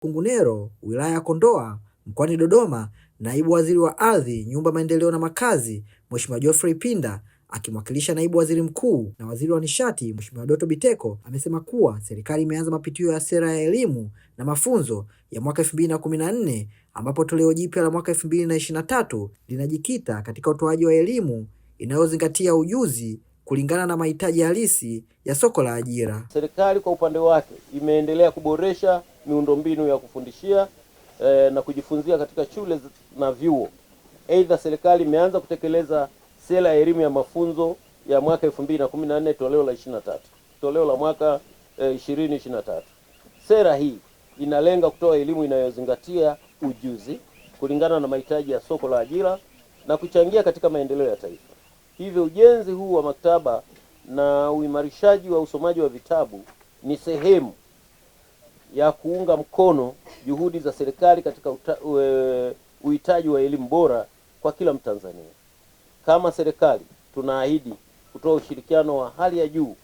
Kungunero wilaya ya Kondoa mkoani Dodoma, naibu waziri wa ardhi, nyumba, maendeleo na makazi Mheshimiwa Geoffrey Pinda akimwakilisha naibu waziri mkuu na waziri wa nishati Mheshimiwa Doto Biteko amesema kuwa serikali imeanza mapitio ya sera ya elimu na mafunzo ya mwaka 2014 ambapo toleo jipya la mwaka 2023 linajikita katika utoaji wa elimu inayozingatia ujuzi kulingana na mahitaji halisi ya soko la ajira. Serikali kwa upande wake imeendelea kuboresha miundombinu ya kufundishia eh, na kujifunzia katika shule na vyuo. Aidha, serikali imeanza kutekeleza sera ya elimu ya mafunzo ya mwaka 2014 toleo la 23 toleo la mwaka eh, 2023. Sera hii inalenga kutoa elimu inayozingatia ujuzi kulingana na mahitaji ya soko la ajira na kuchangia katika maendeleo ya taifa. Hivyo ujenzi huu wa maktaba na uimarishaji wa usomaji wa vitabu ni sehemu ya kuunga mkono juhudi za serikali katika uhitaji wa elimu bora kwa kila Mtanzania. Kama serikali tunaahidi kutoa ushirikiano wa hali ya juu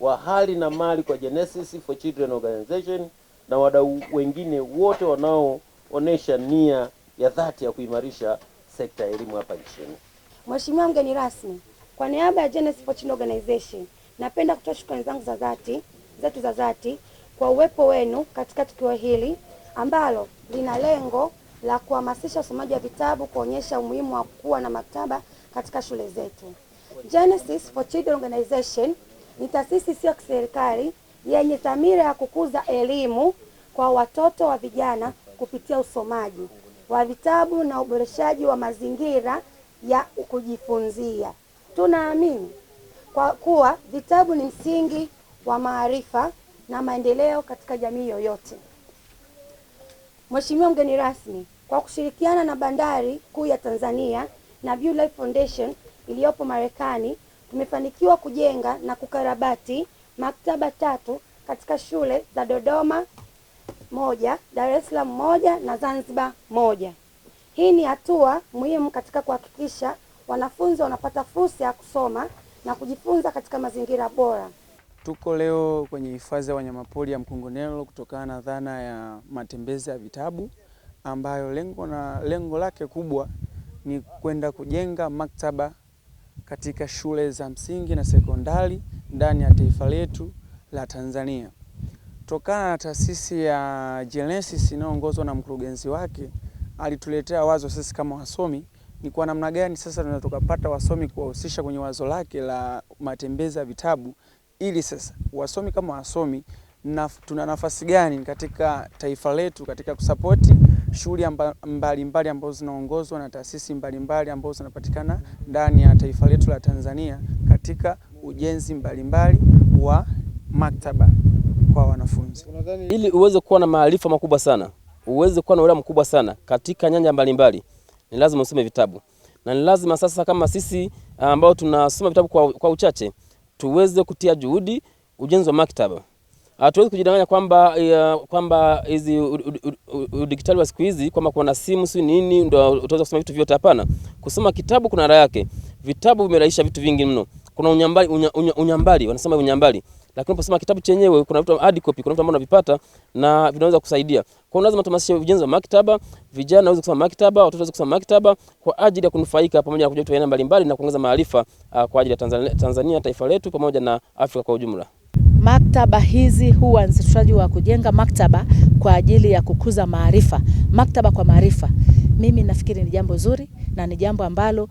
wa hali na mali kwa Genesis for Children Organization na wadau wengine wote wanaoonesha nia ya dhati ya kuimarisha sekta ya elimu hapa nchini. Mheshimiwa mgeni rasmi, kwa niaba ya Genesis for Children Organization napenda kutoa shukrani zangu za dhati zetu za dhati kwa uwepo wenu katika tukio hili ambalo lina lengo la kuhamasisha usomaji wa vitabu, kuonyesha umuhimu wa kuwa na maktaba katika shule zetu. Genesis for Children Organization ni taasisi isiyo ya kiserikali yenye dhamira ya kukuza elimu kwa watoto wa vijana kupitia usomaji wa vitabu na uboreshaji wa mazingira ya kujifunzia. Tunaamini kwa kuwa vitabu ni msingi wa maarifa na maendeleo katika jamii yoyote. Mheshimiwa mgeni rasmi, kwa kushirikiana na bandari kuu ya Tanzania na View Life Foundation iliyopo Marekani tumefanikiwa kujenga na kukarabati maktaba tatu katika shule za Dodoma moja, Dar es Salaam moja na Zanzibar moja. Hii ni hatua muhimu katika kuhakikisha wanafunzi wanapata fursa ya kusoma na kujifunza katika mazingira bora. Tuko leo kwenye hifadhi ya wanyamapori ya Mkongonelo kutokana na dhana ya matembezi ya vitabu ambayo lengo, na, lengo lake kubwa ni kwenda kujenga maktaba katika shule za msingi na sekondari ndani ya taifa letu la Tanzania. tokana na taasisi ya Genesis inayoongozwa na mkurugenzi wake, alituletea wazo sisi kama wasomi ni kwa namna gani sasa tunatokapata wasomi kuwahusisha kwenye wazo lake la matembezi ya vitabu ili sasa wasomi kama wasomi na, tuna nafasi gani katika taifa letu katika kusapoti shughuli mbalimbali ambazo zinaongozwa na taasisi mbalimbali ambazo zinapatikana ndani ya taifa letu la Tanzania katika ujenzi mbalimbali mbali wa maktaba kwa wanafunzi. Ili uweze kuwa na maarifa makubwa sana, uweze kuwa na uelewa mkubwa sana katika nyanja mbalimbali, ni lazima usome vitabu na ni lazima sasa, kama sisi ambao tunasoma vitabu kwa, kwa uchache tuweze kutia juhudi ujenzi wa maktaba. Hatuwezi ah, kujidanganya kwamba kwamba hizi udigitali wa siku hizi kwamba kuna simu si nini ndio utaweza kusoma vitu vyote. Hapana, kusoma kitabu kuna raha yake. Vitabu vimeraisha vitu vingi mno. Kuna unyambali unya, unya, unyambali wanasema unyambali lakini unaposema kitabu chenyewe kuna vitu hard copy, kuna vitu ambavyo unavipata na vinaweza kusaidia. Kwa hiyo lazima tuhamasishe ujenzi wa maktaba, vijana waweze kusoma maktaba, watoto waweze kusoma maktaba kwa ajili ya kunufaika pamoja na kujua aina mbalimbali na kuongeza maarifa uh, kwa ajili ya Tanzania, Tanzania taifa letu pamoja na Afrika kwa ujumla. Maktaba hizi huwa uanzishwaji wa kujenga maktaba kwa ajili ya kukuza maarifa, maktaba kwa maarifa, mimi nafikiri ni jambo zuri na ni jambo ambalo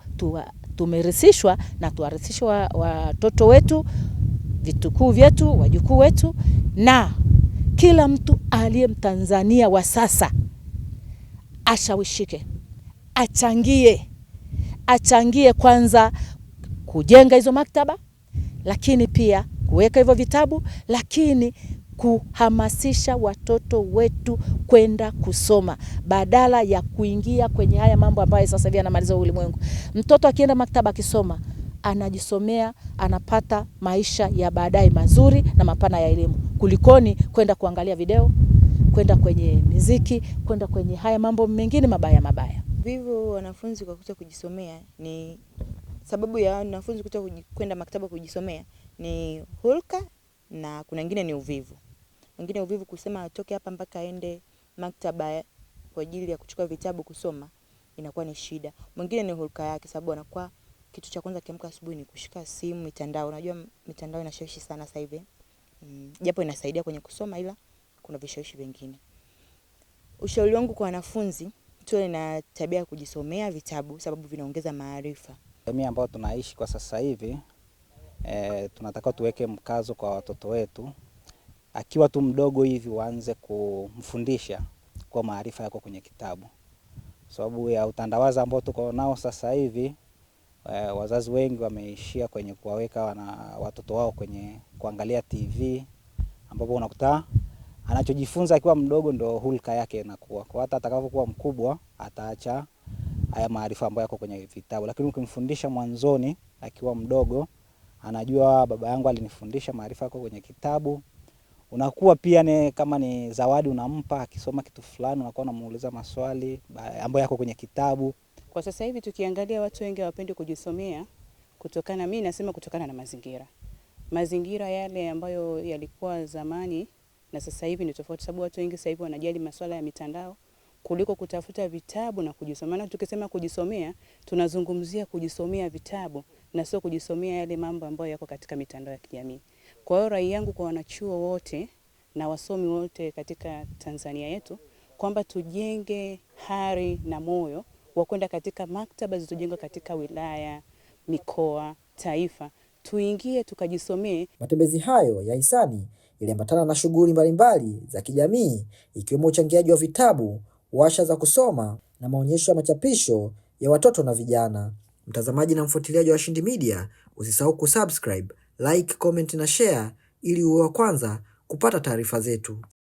tumerisishwa na tuwarisishwa watoto wetu vitukuu vyetu, wajukuu wetu na kila mtu aliye Mtanzania wa sasa ashawishike, achangie, achangie kwanza kujenga hizo maktaba, lakini pia kuweka hivyo vitabu, lakini kuhamasisha watoto wetu kwenda kusoma badala ya kuingia kwenye haya mambo ambayo sasa hivi yanamaliza ulimwengu. Mtoto akienda maktaba akisoma anajisomea, anapata maisha ya baadaye mazuri na mapana ya elimu, kulikoni kwenda kuangalia video, kwenda kwenye miziki, kwenda kwenye haya mambo mengine mabaya mabaya. Vivyo wanafunzi kwa kuta kujisomea ni sababu ya wanafunzi kuta kwenda maktaba kujisomea ni hulka, na kuna wengine ni uvivu, wengine uvivu kusema atoke hapa mpaka aende maktaba kwa ajili ya kuchukua vitabu kusoma, inakuwa ni shida. Mwingine ni hulka yake, sababu anakuwa kitu cha kwanza kiamka asubuhi ni kushika simu, mitandao. Unajua mitandao inashawishi sana sasa hivi mm, japo inasaidia kwenye kusoma, ila kuna vishawishi vingine. Ushauri wangu kwa wanafunzi, tuwe na tabia ya kujisomea vitabu, sababu vinaongeza maarifa. Jamii ambayo tunaishi kwa sasa hivi e, tunatakiwa tuweke mkazo kwa watoto wetu, akiwa tu mdogo hivi waanze kumfundisha kwa maarifa yako kwenye kitabu, sababu ya utandawazi ambao tuko nao sasa hivi. Eh, wazazi wengi wameishia kwenye kuwaweka wana, watoto wao kwenye kuangalia TV ambapo unakuta anachojifunza akiwa mdogo ndo hulka yake inakuwa. Kwa hata atakapokuwa mkubwa ataacha haya maarifa ambayo yako kwenye vitabu, lakini ukimfundisha mwanzoni akiwa mdogo, anajua baba yangu alinifundisha maarifa yako kwenye kitabu. Unakuwa pia ne, kama ni zawadi unampa, akisoma kitu fulani unakuwa unamuuliza maswali ambayo yako kwenye kitabu. Kwa sasa hivi tukiangalia, watu wengi hawapendi kujisomea kutokana, mimi nasema kutokana na mazingira, mazingira yale ambayo yalikuwa zamani na sasa hivi ni tofauti, sababu watu wengi sasa hivi wanajali masuala ya mitandao kuliko kutafuta vitabu na kujisomea. Na tukisema kujisomea, tunazungumzia kujisomea vitabu na sio kujisomea yale mambo ambayo yako katika mitandao ya kijamii. Kwa hiyo rai yangu kwa wanachuo wote na wasomi wote katika Tanzania yetu kwamba tujenge hari na moyo wa kwenda katika maktaba zilizojengwa katika wilaya, mikoa, taifa, tuingie tukajisomee. Matembezi hayo ya hisani iliambatana na shughuli mbalimbali za kijamii ikiwemo uchangiaji wa vitabu, washa za kusoma na maonyesho ya machapisho ya watoto na vijana. Mtazamaji na mfuatiliaji wa Washindi Media, usisahau kusubscribe, like, comment na share ili uwe wa kwanza kupata taarifa zetu.